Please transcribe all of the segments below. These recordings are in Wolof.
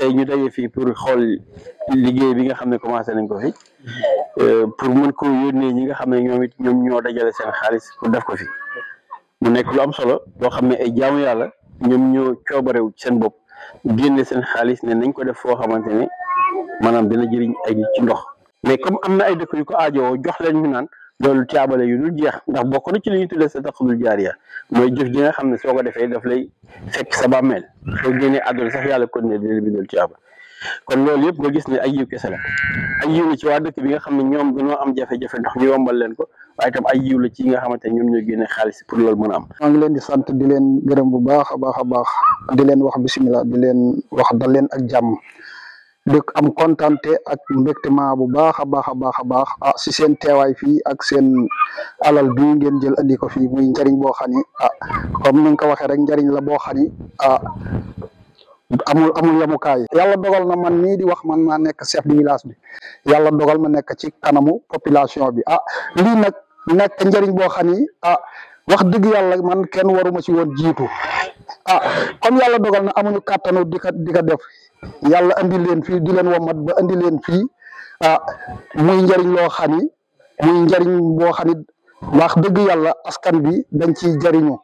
tey ñu daje fii pour xool liggéey bi nga xam ne commencé nañ ko fi mm-hmm. euh, pour mën ko yónnee ñi nga xam ne ñoom it ñoom ñoo dajale seen xaalis pour def ko fi mu nekk lu am solo loo xam ne ay jaam yàlla ñoom ñoo coobarew seen bopp génne seen xaalis ne nañ ko def foo xamante ne maanaam dina jëriñ ay ci ndox mais comme am na ay dëkk yu ko aajowoo jox leen ñu naan loolu caabale yu lu jeex ndax bokk na ci li ñuy tuddee sadaqatul jaariya mooy jëf ji nga xam ne soo ko defee daf lay fekk sa bàmmeel soo génnee àdduna sax yàlla kon ne dina bindal caaba kon loolu yëpp nga gis ne ay yiw la ay yiw la dëkk bi nga xam ne ñoom dañoo am jafe-jafe ndox ñu yombal leen ko waaye tam ay yiw la ci nga xamante ne ñoom ñoo génne xaalis pour loolu mën a am. maa ngi leen di sant di leen gërëm bu baax a baax a baax di leen wax bisimilah di leen wax dal leen ak jàmm. dëkk am contenté ak mbégtement bu baax a baax baax ah si seen téway fi ak seen alal bi ngeen jël andi ko fi muy ndariñ bo xani ah comme ni nga ko rek ndariñ la bo xani ah amul amul yemukaay yalla dogal na man ni di wax man ma nek chef de village bi yalla dogal ma nek ci kanamu population bi ah li nak nek ndariñ bo xani ah wax dëgg yalla man kenn waruma ci won jitu ah comme yalla dogal na amuñu katanu di ko def yàlla andi leen fii di leen womat ba andi leen fii ah muy njariñ loo xam ni muy njariñ boo xam ni wax dëgg yàlla askan bi dañ ciy jariñu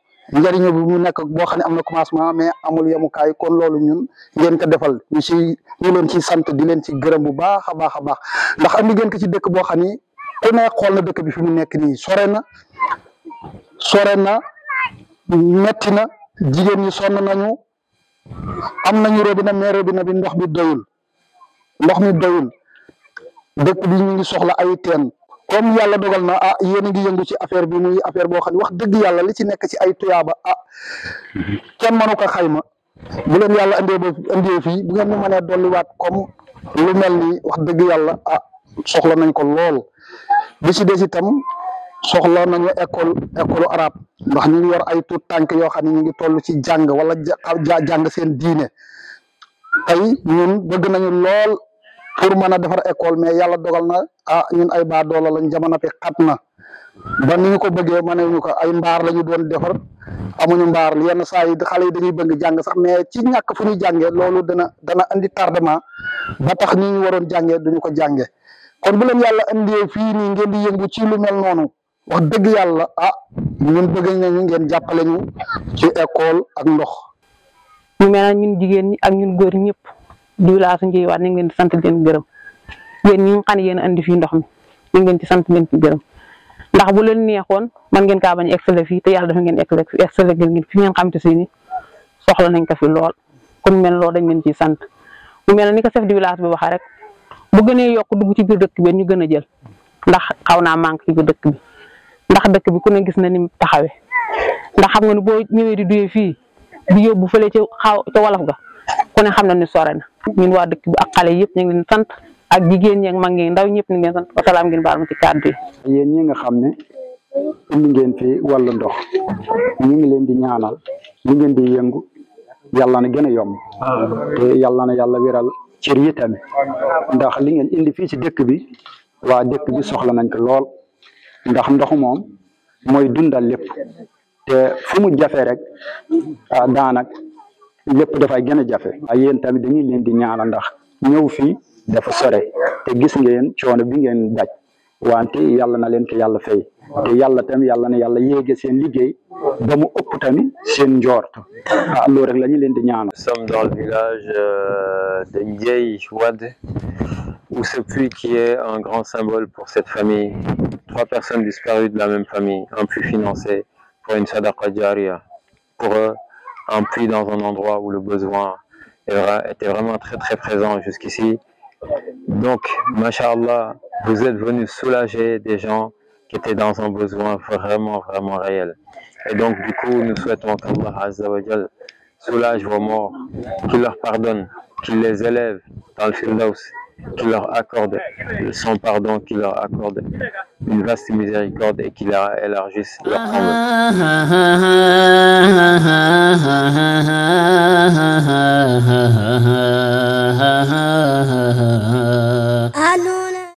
njariñu bi mu nekk boo xam ne am na commencement mais amul yemukaay kon loolu ñun ngeen ko defal ñu ci ñu leen sant di leen ci gërëm bu baax a baax a baax ndax am ngeen ko ci dëkk boo xam ku ne xool na dëkk bi fi mu nekk nii sore na na jigéen ñi sonn nañu am nañu robinet mais na bi ndox bi doyul ndox mi doyul dekk bi ñu ngi soxla ay teen comme yalla dogal na ah yeen a ngi yëngu ci affaire bi muy affaire bo xamni wax deug yalla li ci nekk ci ay tuyaaba ah kenn mënu ko xayma bu len yalla ande ba ande fi bu ngeen ñu mënee dolliwaat comme lu mel ni wax deug yalla ah soxla nañ ko lool bi ci des itam soxla nañu école école arabe ndax ñu ngi yor ay tuut tànk yoo xam ne ñu ngi ci jàng wala jàng seen diine tey ñun bëgg nañu lool pour mën a defar école mais yàlla dogal na ah ñun ay baadoola lañ jamono fi xat na ba ni ñu ko bëggee mënewuñu ko ay mbaar la ñu doon defar amuñu mbaar yenn saa yi xale yi dañuy bëgg jàng sax mais ci ñàkk fu ñuy jàngee loolu dana dana andi tardement ba tax ñu waroon jàngee duñu ko jàngee kon bu leen yàlla andee fii nii ngeen di yëngu ci lu mel noonu wax deug yalla ah ñun bëgg nañu ngeen jappalé ñu ci école ak ndox. ñu mëna ñun jigéen ñi ak ñun goor ñëpp di laa su njëy waat ñu ngi sant gën gërëm yéen ñi nga yeen andi fi ndox mi ñu ngi ci sant gën ci gërëm ndax bu leen neexoon man ngeen ka bañ excel fi te yalla dafa ngeen excel excel gën ngeen fi ngeen xam ci seeni soxla nañ ko fi lool ku mel lo dañ ngeen ci sant ñu mëna ni ko chef di village bi waxa rek bu gëne yok dugg ci biir dëkk bi ñu gëna jël ndax xawna naa manque ci biir dëkk bi ndax dëkk bi ku ne gis na ni taxawé ndax xam nga ni boo ñëwee di duyé fi di yobbu fële ci xaw ci walaf ga ku ne xam na ni sore na ñun wa dëkk bi ak xalé yépp ñu ngi leen sant ak jigéen ñi ak mag ñi ndaw ñëpp ñu ngi leen sant salaam ngeen baal ci kàddu yeen ñi nga xam ne ñu ngeen fi walu ndox ñu ngi leen di ñaanal li ngeen di yëngu yalla na gëna yom te yalla na yalla wéral ci yi ndax li ngeen indi fi ci dëkk bi wa dëkk bi soxla nañ ko lool. ndax ndox mom moy dundal lépp te fu mu jafe rek ah daanak lépp da fay gëna jafe. waaye yéen tamit dañuy leen di ñaanal ndax ñëw fii dafa sore te gis ngeen choono bi ngeen daj wante yàlla na leen ko yàlla fay te yàlla tam yàlla na yàlla yegge seen liggéey ba mu upp tamit seen njoort ah loolu rek la leen di ñaanal. sam sommes dans le village de Ndiaye Wade. ou ce puits qui est un grand symbole pour cette famille. Trois personnes disparues de la même famille, un puits financé pour une sadaqa diaria. Pour eux, un puits dans un endroit où le besoin était vraiment très très présent jusqu'ici. Donc, mashallah, vous êtes venus soulager des gens qui étaient dans un besoin vraiment vraiment réel. Et donc, du coup, nous souhaitons qu'Allah Azza wa soulage vos morts, qu'il leur pardonne, qu'il les élève dans le Firdaus qui leur accorde son pardon, qui leur accorde une vaste miséricorde et qui leur élargisse leur amour. Ah, ah, ah,